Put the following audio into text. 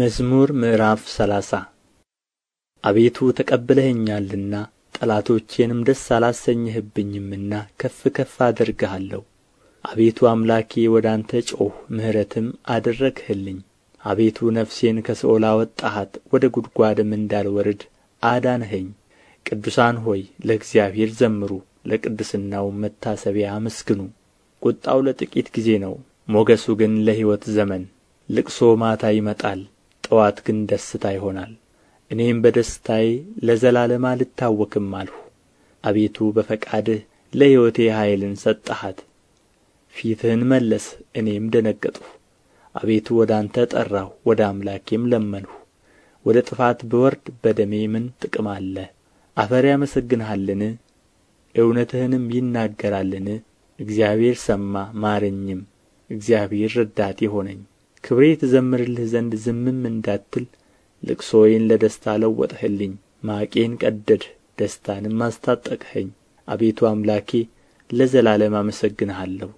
መዝሙር ምዕራፍ ሰላሳ አቤቱ ተቀብለኸኛልና ጠላቶቼንም ደስ አላሰኘህብኝምና ከፍ ከፍ አደርግሃለሁ። አቤቱ አምላኬ ወደ አንተ ጮኽሁ፣ ምሕረትም አደረግህልኝ። አቤቱ ነፍሴን ከሲኦል አወጣሃት፣ ወደ ጉድጓድም እንዳልወርድ አዳንኸኝ። ቅዱሳን ሆይ ለእግዚአብሔር ዘምሩ፣ ለቅድስናው መታሰቢያ አመስግኑ። ቍጣው ለጥቂት ጊዜ ነው፣ ሞገሱ ግን ለሕይወት ዘመን። ልቅሶ ማታ ይመጣል ጥዋት ግን ደስታ ይሆናል እኔም በደስታዬ ለዘላለም አልታወክም አልሁ አቤቱ በፈቃድህ ለሕይወቴ ኃይልን ሰጠሃት ፊትህን መለስህ እኔም ደነገጥሁ አቤቱ ወደ አንተ ጠራሁ ወደ አምላኬም ለመንሁ ወደ ጥፋት ብወርድ በደሜ ምን ጥቅም አለ አፈር ያመሰግንሃልን እውነትህንም ይናገራልን እግዚአብሔር ሰማ ማረኝም እግዚአብሔር ረዳቴ ሆነኝ ክብሬ ትዘምርልህ ዘንድ ዝምም እንዳትል ልቅሶዬን ለደስታ ለወጥህልኝ ማቄን ቀደድህ ደስታንም አስታጠቅኸኝ አቤቱ አምላኬ ለዘላለም አመሰግንሃለሁ